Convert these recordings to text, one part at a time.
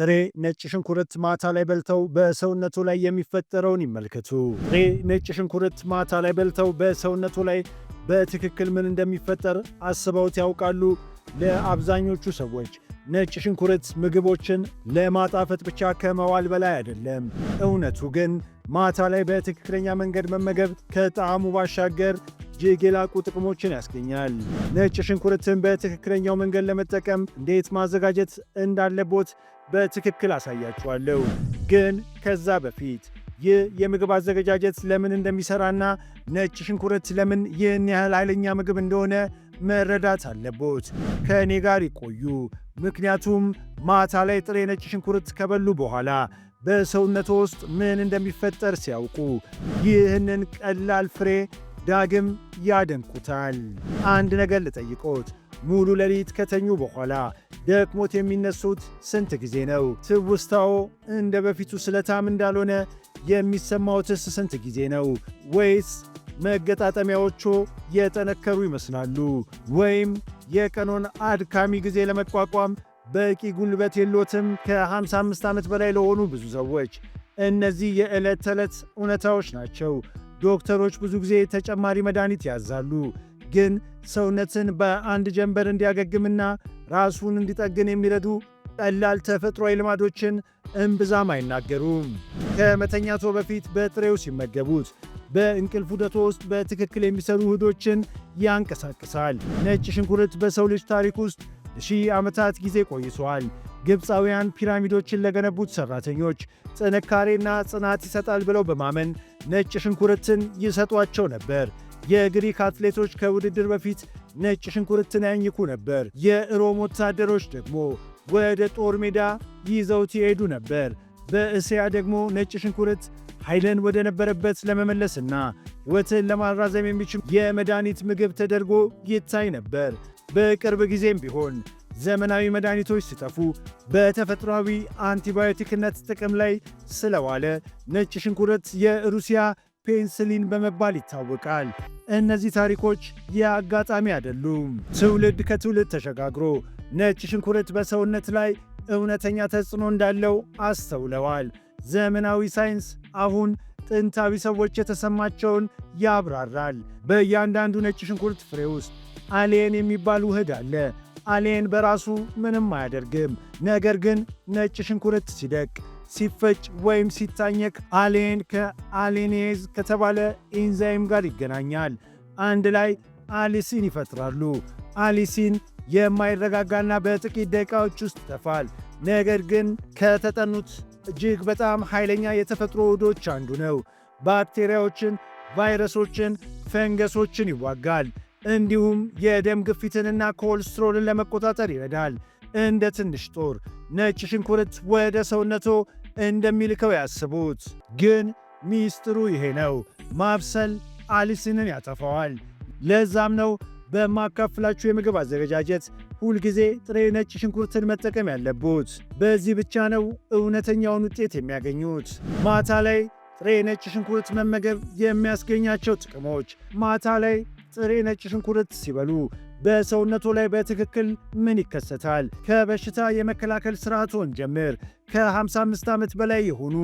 ጥሬ ነጭ ሽንኩርት ማታ ላይ በልተው በሰውነቱ ላይ የሚፈጠረውን ይመልከቱ። ጥሬ ነጭ ሽንኩርት ማታ ላይ በልተው በሰውነቱ ላይ በትክክል ምን እንደሚፈጠር አስበውት ያውቃሉ? ለአብዛኞቹ ሰዎች ነጭ ሽንኩርት ምግቦችን ለማጣፈጥ ብቻ ከመዋል በላይ አይደለም። እውነቱ ግን ማታ ላይ በትክክለኛ መንገድ መመገብ ከጣዕሙ ባሻገር እጅግ የላቁ ጥቅሞችን ያስገኛል። ነጭ ሽንኩርትን በትክክለኛው መንገድ ለመጠቀም እንዴት ማዘጋጀት እንዳለቦት በትክክል አሳያችኋለሁ። ግን ከዛ በፊት ይህ የምግብ አዘገጃጀት ለምን እንደሚሰራና ነጭ ሽንኩርት ለምን ይህን ያህል ኃይለኛ ምግብ እንደሆነ መረዳት አለቦት። ከእኔ ጋር ይቆዩ፣ ምክንያቱም ማታ ላይ ጥሬ ነጭ ሽንኩርት ከበሉ በኋላ በሰውነት ውስጥ ምን እንደሚፈጠር ሲያውቁ ይህንን ቀላል ፍሬ ዳግም ያደንቁታል። አንድ ነገር ልጠይቆት፣ ሙሉ ሌሊት ከተኙ በኋላ ደክሞት የሚነሱት ስንት ጊዜ ነው? ትውስታዎ እንደ በፊቱ ስለታም እንዳልሆነ የሚሰማውትስ ስንት ጊዜ ነው? ወይስ መገጣጠሚያዎቹ የጠነከሩ ይመስላሉ? ወይም የቀኖን አድካሚ ጊዜ ለመቋቋም በቂ ጉልበት የሎትም? ከ55 ዓመት በላይ ለሆኑ ብዙ ሰዎች እነዚህ የዕለት ተዕለት እውነታዎች ናቸው። ዶክተሮች ብዙ ጊዜ ተጨማሪ መድኃኒት ያዛሉ፣ ግን ሰውነትን በአንድ ጀንበር እንዲያገግምና ራሱን እንዲጠግን የሚረዱ ቀላል ተፈጥሯዊ ልማዶችን እምብዛም አይናገሩም። ከመተኛቶ በፊት በጥሬው ሲመገቡት በእንቅልፍ ውደቶ ውስጥ በትክክል የሚሰሩ ውህዶችን ያንቀሳቅሳል። ነጭ ሽንኩርት በሰው ልጅ ታሪክ ውስጥ ሺህ ዓመታት ጊዜ ቆይቷል። ግብፃውያን ፒራሚዶችን ለገነቡት ሠራተኞች ጥንካሬና ጽናት ይሰጣል ብለው በማመን ነጭ ሽንኩርትን ይሰጧቸው ነበር። የግሪክ አትሌቶች ከውድድር በፊት ነጭ ሽንኩርትን ያኝኩ ነበር። የሮም ወታደሮች ደግሞ ወደ ጦር ሜዳ ይዘውት ይሄዱ ነበር። በእስያ ደግሞ ነጭ ሽንኩርት ኃይልን ወደ ነበረበት ለመመለስና ወትን ለማራዘም የሚችል የመድኃኒት ምግብ ተደርጎ ይታይ ነበር። በቅርብ ጊዜም ቢሆን ዘመናዊ መድኃኒቶች ሲጠፉ በተፈጥሯዊ አንቲባዮቲክነት ጥቅም ላይ ስለዋለ ነጭ ሽንኩርት የሩሲያ ፔንስሊን በመባል ይታወቃል። እነዚህ ታሪኮች የአጋጣሚ አይደሉም። ትውልድ ከትውልድ ተሸጋግሮ ነጭ ሽንኩርት በሰውነት ላይ እውነተኛ ተጽዕኖ እንዳለው አስተውለዋል። ዘመናዊ ሳይንስ አሁን ጥንታዊ ሰዎች የተሰማቸውን ያብራራል። በእያንዳንዱ ነጭ ሽንኩርት ፍሬ ውስጥ አሌን የሚባል ውህድ አለ። አሌን በራሱ ምንም አያደርግም። ነገር ግን ነጭ ሽንኩርት ሲደቅ ሲፈጭ ወይም ሲታኘክ አሌን ከአሌኔዝ ከተባለ ኢንዛይም ጋር ይገናኛል። አንድ ላይ አሊሲን ይፈጥራሉ። አሊሲን የማይረጋጋና በጥቂት ደቂቃዎች ውስጥ ይጠፋል። ነገር ግን ከተጠኑት እጅግ በጣም ኃይለኛ የተፈጥሮ ውህዶች አንዱ ነው። ባክቴሪያዎችን፣ ቫይረሶችን፣ ፈንገሶችን ይዋጋል። እንዲሁም የደም ግፊትንና ኮልስትሮልን ለመቆጣጠር ይረዳል። እንደ ትንሽ ጦር ነጭ ሽንኩርት ወደ ሰውነቶ እንደሚልከው ያስቡት። ግን ሚስጥሩ ይሄ ነው፣ ማብሰል አሊሲንን ያጠፋዋል። ለዛም ነው በማካፍላችሁ የምግብ አዘገጃጀት ሁልጊዜ ጥሬ ነጭ ሽንኩርትን መጠቀም ያለቡት። በዚህ ብቻ ነው እውነተኛውን ውጤት የሚያገኙት። ማታ ላይ ጥሬ ነጭ ሽንኩርት መመገብ የሚያስገኛቸው ጥቅሞች ማታ ላይ ጥሬ ነጭ ሽንኩርት ሲበሉ በሰውነቱ ላይ በትክክል ምን ይከሰታል? ከበሽታ የመከላከል ስርዓቶን ጀምር። ከ55 ዓመት በላይ የሆኑ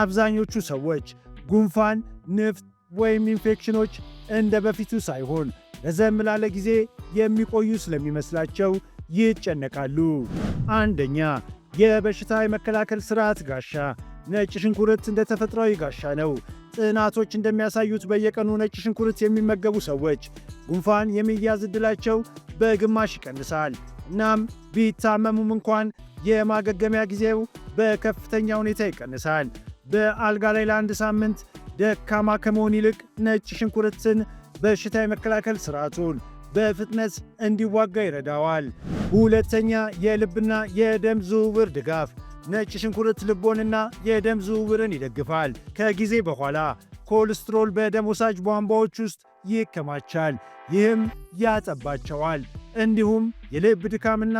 አብዛኞቹ ሰዎች ጉንፋን፣ ንፍጥ ወይም ኢንፌክሽኖች እንደ በፊቱ ሳይሆን ረዘም ላለ ጊዜ የሚቆዩ ስለሚመስላቸው ይጨነቃሉ። አንደኛ የበሽታ የመከላከል ስርዓት ጋሻ ነጭ ሽንኩርት እንደ ተፈጥሯዊ ጋሻ ነው። ጥናቶች እንደሚያሳዩት በየቀኑ ነጭ ሽንኩርት የሚመገቡ ሰዎች ጉንፋን የሚያዝ ዕድላቸው በግማሽ ይቀንሳል። እናም ቢታመሙም እንኳን የማገገሚያ ጊዜው በከፍተኛ ሁኔታ ይቀንሳል። በአልጋ ላይ ለአንድ ሳምንት ደካማ ከመሆን ይልቅ ነጭ ሽንኩርትን በሽታ የመከላከል ስርዓቱን በፍጥነት እንዲዋጋ ይረዳዋል። ሁለተኛ፣ የልብና የደም ዝውውር ድጋፍ ነጭ ሽንኩርት ልቦንና የደም ዝውውርን ይደግፋል። ከጊዜ በኋላ ኮልስትሮል በደም ወሳጅ ቧንቧዎች ውስጥ ይከማቻል፣ ይህም ያጠባቸዋል። እንዲሁም የልብ ድካምና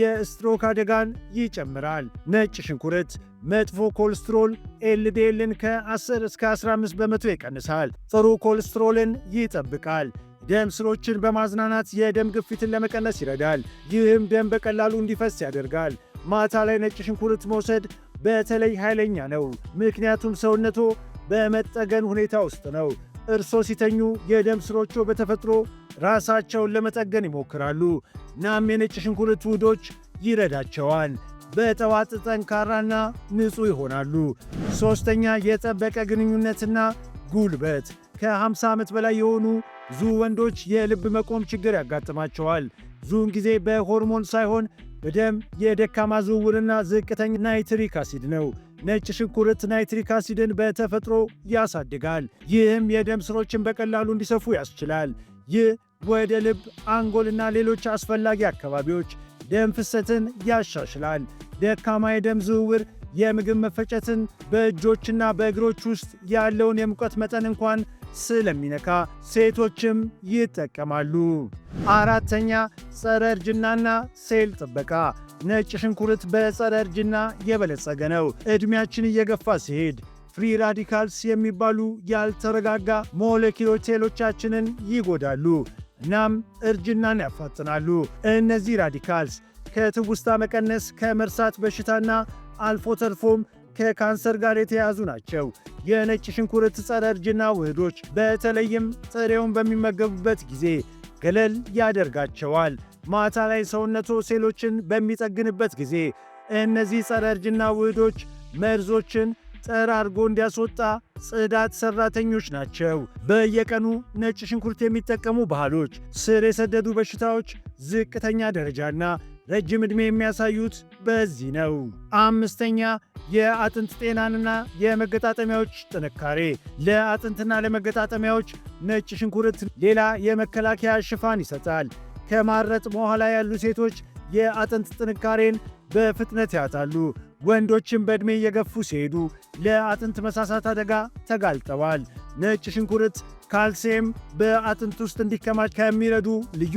የስትሮክ አደጋን ይጨምራል። ነጭ ሽንኩርት መጥፎ ኮልስትሮል ኤልዲኤልን ከ10 እስከ 15 በመቶ ይቀንሳል፣ ጥሩ ኮልስትሮልን ይጠብቃል። ደም ስሮችን በማዝናናት የደም ግፊትን ለመቀነስ ይረዳል። ይህም ደም በቀላሉ እንዲፈስ ያደርጋል። ማታ ላይ ነጭ ሽንኩርት መውሰድ በተለይ ኃይለኛ ነው፣ ምክንያቱም ሰውነቶ በመጠገን ሁኔታ ውስጥ ነው። እርሶ ሲተኙ የደም ስሮቹ በተፈጥሮ ራሳቸውን ለመጠገን ይሞክራሉ፣ ናም የነጭ ሽንኩርት ውህዶች ይረዳቸዋል። በጠዋት ጠንካራና ንጹህ ይሆናሉ። ሦስተኛ የጠበቀ ግንኙነትና ጉልበት። ከ50 ዓመት በላይ የሆኑ ብዙ ወንዶች የልብ መቆም ችግር ያጋጥማቸዋል። ብዙውን ጊዜ በሆርሞን ሳይሆን በደም የደካማ ዝውውርና ዝቅተኛ ናይትሪክ አሲድ ነው። ነጭ ሽንኩርት ናይትሪክ አሲድን በተፈጥሮ ያሳድጋል። ይህም የደም ስሮችን በቀላሉ እንዲሰፉ ያስችላል። ይህ ወደ ልብ፣ አንጎልና ሌሎች አስፈላጊ አካባቢዎች ደም ፍሰትን ያሻሽላል። ደካማ የደም ዝውውር የምግብ መፈጨትን፣ በእጆችና በእግሮች ውስጥ ያለውን የሙቀት መጠን እንኳን ስለሚነካ ሴቶችም ይጠቀማሉ። አራተኛ ጸረ እርጅናና ሴል ጥበቃ። ነጭ ሽንኩርት በጸረ እርጅና የበለጸገ ነው። ዕድሜያችን እየገፋ ሲሄድ ፍሪ ራዲካልስ የሚባሉ ያልተረጋጋ ሞለኪሎች ሴሎቻችንን ይጎዳሉ፣ እናም እርጅናን ያፋጥናሉ። እነዚህ ራዲካልስ ከትውስታ መቀነስ፣ ከመርሳት በሽታና አልፎ ተርፎም ከካንሰር ጋር የተያያዙ ናቸው። የነጭ ሽንኩርት ጸረ እርጅና ውህዶች በተለይም ጥሬውን በሚመገቡበት ጊዜ ገለል ያደርጋቸዋል። ማታ ላይ ሰውነቶ ሴሎችን በሚጠግንበት ጊዜ እነዚህ ጸረ እርጅና ውህዶች መርዞችን ጠራርጎ እንዲያስወጣ ጽዳት ሰራተኞች ናቸው። በየቀኑ ነጭ ሽንኩርት የሚጠቀሙ ባህሎች ስር የሰደዱ በሽታዎች ዝቅተኛ ደረጃና ረጅም ዕድሜ የሚያሳዩት በዚህ ነው። አምስተኛ የአጥንት ጤናንና የመገጣጠሚያዎች ጥንካሬ። ለአጥንትና ለመገጣጠሚያዎች ነጭ ሽንኩርት ሌላ የመከላከያ ሽፋን ይሰጣል። ከማረጥ በኋላ ያሉ ሴቶች የአጥንት ጥንካሬን በፍጥነት ያጣሉ። ወንዶችም በዕድሜ እየገፉ ሲሄዱ ለአጥንት መሳሳት አደጋ ተጋልጠዋል። ነጭ ሽንኩርት ካልሲየም በአጥንት ውስጥ እንዲከማች ከሚረዱ ልዩ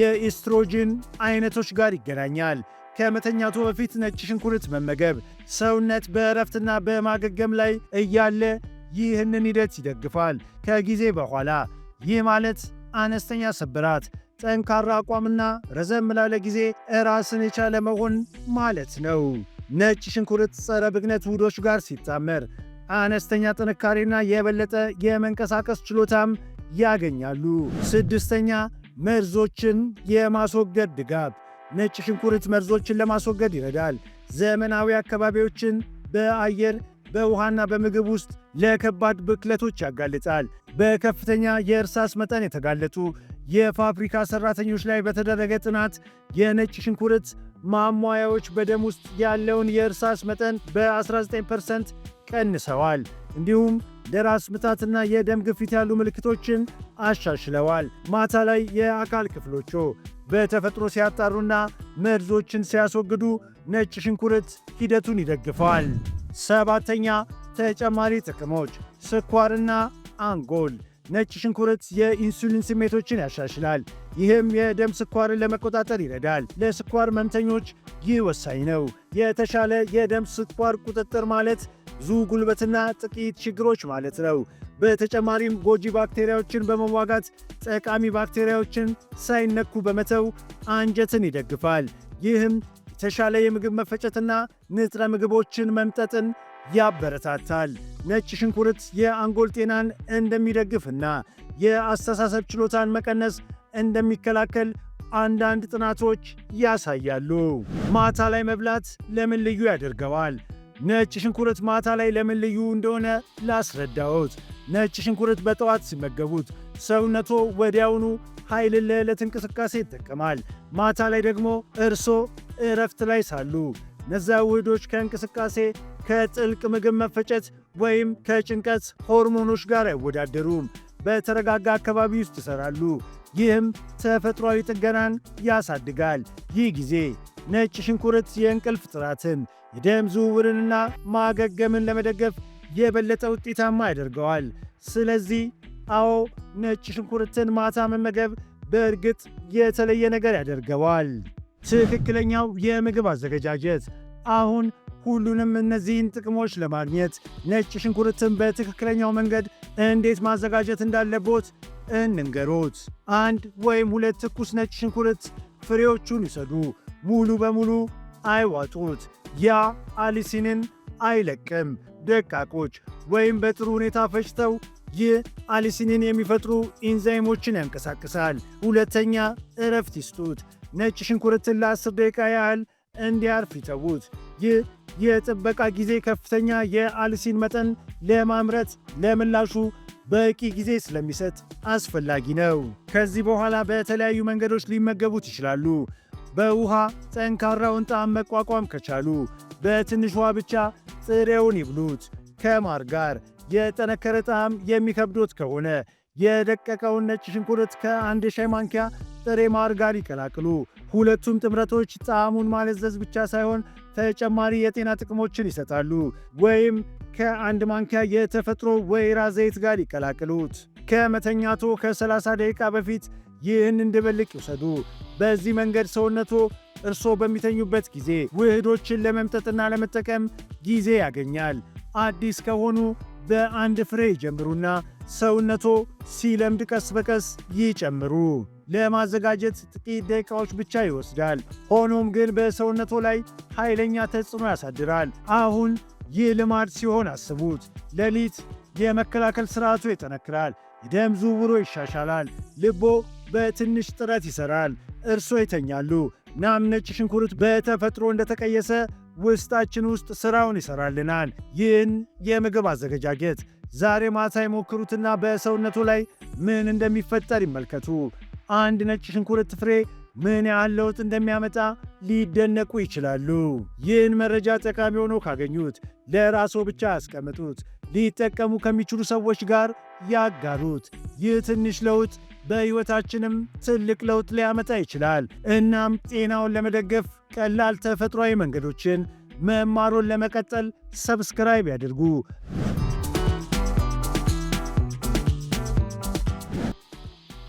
የኢስትሮጅን አይነቶች ጋር ይገናኛል። ከመተኛቱ በፊት ነጭ ሽንኩርት መመገብ ሰውነት በእረፍትና በማገገም ላይ እያለ ይህንን ሂደት ይደግፋል። ከጊዜ በኋላ ይህ ማለት አነስተኛ ስብራት፣ ጠንካራ አቋምና ረዘም ላለ ጊዜ ራስን የቻለ መሆን ማለት ነው። ነጭ ሽንኩርት ጸረ ብግነት ውህዶች ጋር ሲጣመር አነስተኛ ጥንካሬና የበለጠ የመንቀሳቀስ ችሎታም ያገኛሉ። ስድስተኛ መርዞችን የማስወገድ ድጋፍ ነጭ ሽንኩርት መርዞችን ለማስወገድ ይረዳል። ዘመናዊ አካባቢዎችን በአየር በውሃና በምግብ ውስጥ ለከባድ ብክለቶች ያጋልጣል። በከፍተኛ የእርሳስ መጠን የተጋለጡ የፋብሪካ ሰራተኞች ላይ በተደረገ ጥናት የነጭ ሽንኩርት ማሟያዎች በደም ውስጥ ያለውን የእርሳስ መጠን በ19 ፐርሰንት ቀንሰዋል። እንዲሁም ለራስ ምታትና የደም ግፊት ያሉ ምልክቶችን አሻሽለዋል። ማታ ላይ የአካል ክፍሎቹ በተፈጥሮ ሲያጣሩና መርዞችን ሲያስወግዱ ነጭ ሽንኩርት ሂደቱን ይደግፈዋል። ሰባተኛ ተጨማሪ ጥቅሞች፣ ስኳርና አንጎል። ነጭ ሽንኩርት የኢንሱሊን ስሜቶችን ያሻሽላል። ይህም የደም ስኳርን ለመቆጣጠር ይረዳል። ለስኳር መምተኞች ይህ ወሳኝ ነው። የተሻለ የደም ስኳር ቁጥጥር ማለት ብዙ ጉልበትና ጥቂት ችግሮች ማለት ነው። በተጨማሪም ጎጂ ባክቴሪያዎችን በመዋጋት ጠቃሚ ባክቴሪያዎችን ሳይነኩ በመተው አንጀትን ይደግፋል። ይህም የተሻለ የምግብ መፈጨትና ንጥረ ምግቦችን መምጠጥን ያበረታታል። ነጭ ሽንኩርት የአንጎል ጤናን እንደሚደግፍና የአስተሳሰብ ችሎታን መቀነስ እንደሚከላከል አንዳንድ ጥናቶች ያሳያሉ። ማታ ላይ መብላት ለምን ልዩ ያደርገዋል? ነጭ ሽንኩርት ማታ ላይ ለምን ልዩ እንደሆነ ላስረዳዎት። ነጭ ሽንኩርት በጠዋት ሲመገቡት ሰውነቶ ወዲያውኑ ኃይልን ለዕለት እንቅስቃሴ ይጠቀማል። ማታ ላይ ደግሞ እርሶ እረፍት ላይ ሳሉ እነዚያ ውህዶች ከእንቅስቃሴ ከጥልቅ ምግብ መፈጨት ወይም ከጭንቀት ሆርሞኖች ጋር አይወዳደሩም። በተረጋጋ አካባቢ ውስጥ ይሠራሉ። ይህም ተፈጥሯዊ ጥገናን ያሳድጋል። ይህ ጊዜ ነጭ ሽንኩርት የእንቅልፍ ጥራትን፣ የደም ዝውውርንና ማገገምን ለመደገፍ የበለጠ ውጤታማ ያደርገዋል። ስለዚህ አዎ፣ ነጭ ሽንኩርትን ማታ መመገብ በእርግጥ የተለየ ነገር ያደርገዋል። ትክክለኛው የምግብ አዘገጃጀት አሁን ሁሉንም እነዚህን ጥቅሞች ለማግኘት ነጭ ሽንኩርትን በትክክለኛው መንገድ እንዴት ማዘጋጀት እንዳለቦት እንንገሮት። አንድ ወይም ሁለት ትኩስ ነጭ ሽንኩርት ፍሬዎቹን ይሰዱ። ሙሉ በሙሉ አይዋጡት። ያ አሊሲንን አይለቅም። ደቃቆች ወይም በጥሩ ሁኔታ ፈጭተው ይህ አሊሲንን የሚፈጥሩ ኢንዛይሞችን ያንቀሳቅሳል። ሁለተኛ እረፍት ይስጡት። ነጭ ሽንኩርትን ለ10 ደቂቃ ያህል እንዲያርፍ ይተዉት። ይህ የጥበቃ ጊዜ ከፍተኛ የአሊሲን መጠን ለማምረት ለምላሹ በቂ ጊዜ ስለሚሰጥ አስፈላጊ ነው። ከዚህ በኋላ በተለያዩ መንገዶች ሊመገቡት ይችላሉ። በውሃ ጠንካራውን ጣዕም መቋቋም ከቻሉ በትንሽ ውሃ ብቻ ጥሬውን ይብሉት። ከማር ጋር የጠነከረ ጣዕም የሚከብዶት ከሆነ የደቀቀውን ነጭ ሽንኩርት ከአንድ የሻይ ማንኪያ ጥሬ ማር ጋር ይቀላቅሉ። ሁለቱም ጥምረቶች ጣዕሙን ማለዘዝ ብቻ ሳይሆን ተጨማሪ የጤና ጥቅሞችን ይሰጣሉ። ወይም ከአንድ ማንኪያ የተፈጥሮ ወይራ ዘይት ጋር ይቀላቅሉት። ከመተኛቶ ከ30 ደቂቃ በፊት ይህን እንደ ይውሰዱ። በዚህ መንገድ ሰውነቶ እርሶ በሚተኙበት ጊዜ ውህዶችን ለመምጠጥና ለመጠቀም ጊዜ ያገኛል። አዲስ ከሆኑ በአንድ ፍሬ ይጀምሩና ሰውነቶ ሲለምድ ቀስ በቀስ ይጨምሩ። ለማዘጋጀት ጥቂት ደቂቃዎች ብቻ ይወስዳል። ሆኖም ግን በሰውነቶ ላይ ኃይለኛ ተጽዕኖ ያሳድራል። አሁን ይህ ልማድ ሲሆን አስቡት። ሌሊት የመከላከል ስርዓቱ ይጠነክራል፣ የደም ዝውውሩ ይሻሻላል፣ ልቦ በትንሽ ጥረት ይሰራል። እርሶ ይተኛሉ። ናም ነጭ ሽንኩርት በተፈጥሮ እንደተቀየሰ ውስጣችን ውስጥ ስራውን ይሰራልናል። ይህን የምግብ አዘገጃጀት ዛሬ ማታ ይሞክሩትና በሰውነቱ ላይ ምን እንደሚፈጠር ይመልከቱ። አንድ ነጭ ሽንኩርት ፍሬ ምን ያህል ለውጥ እንደሚያመጣ ሊደነቁ ይችላሉ። ይህን መረጃ ጠቃሚ ሆኖ ካገኙት ለራሶ ብቻ ያስቀምጡት። ሊጠቀሙ ከሚችሉ ሰዎች ጋር ያጋሩት። ይህ ትንሽ ለውጥ በሕይወታችንም ትልቅ ለውጥ ሊያመጣ ይችላል። እናም ጤናውን ለመደገፍ ቀላል ተፈጥሯዊ መንገዶችን መማሩን ለመቀጠል ሰብስክራይብ ያድርጉ።